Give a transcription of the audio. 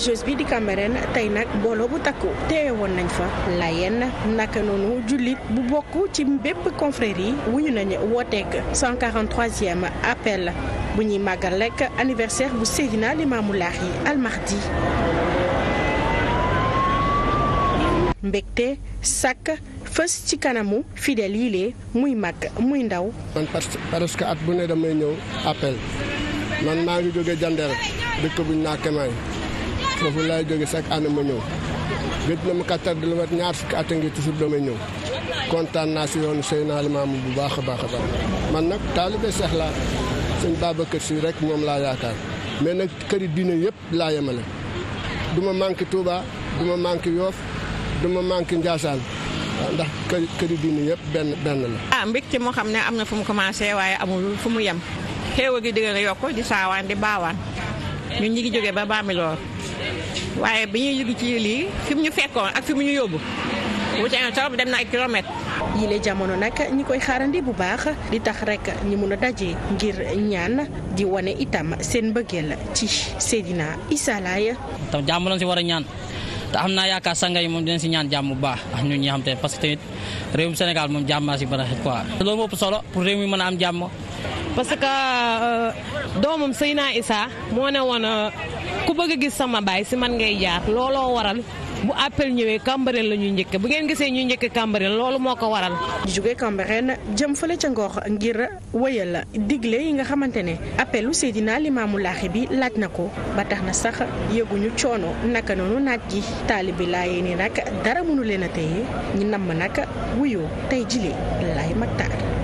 jeux bi di Cambérène tey nag booloo bu takku teewe woon nañ fa layen naka noonu jullit bu bokk ci bépp confrérie yi wuñu nañ wooteeg 143e appel bu ñuy màggal rek anniversaire bu Seydina Limaamu Laahi almahdi mbégte sàkk fës ci kanamu fidèle yi muy mag muy ndaw. man parce que at bu ne damay ñëw appel man maa ngi jóge Jandeer dëkk bu naa Kemaay foofu laay jóge chaque année ma ñëw gëj na ma kattar di la wat ñaar fukki at a ngi toujours damay ñëw kontaan naa si yoonu Seydina Limaamu bu baax a baax a man nag taalibe Seex laa sëñ kër Si rek moom laa yaakaar mais nag këri diine yëpp laa yemale du ma manqué Touba du manqué Yoof du ma manqué Njaasaan ndax kër këri diine yëpp benn benn la. ah mbégte moo xam ne am na fu mu commencé waaye amul fu mu yem xéewal gi di gën yokk di saawaan di baawaan ñun ñi waaye bi ñuy yëg ci lii fi ñu fekkoon ak fi mu ñu yóbbu wute na trop dem na ay kilomètres. yile jamono nag ñi koy xaarandi bu baax di tax rek ñu mun a daje ngir ñaan di wane itam seen la ci Seydina Issa Laye. tam jàmm lañ si war a ñaan te am naa yaakaar sanga yi moom dinañ si ñaan jàmm bu baax ak ñun xam te parce que réew réewum Sénégal moom jàmm naa si mën solo pour réew mi mën a am jàmm. parce que euh, doomam naa Issa moo ne woon euh, ku bëgg a gis sama baay si man ngay jaar looloo waral bu appel ñëwee Cambérène la ñuy njëkk bu ngeen gisee ñuy njëkke Cambérène loolu moo ko waral. di jugee Cambérène jëm fële ca Ngor ngir la digle yi nga xamante ne lu appelu Seydina Limaamu Laahi bi laaj na ko ba tax na sax yëguñu coono naka noonu naaj gi taalibi laayee nii nag dara mënu leen a téye ñu namm nag wuyoo tey jile laay maktaar.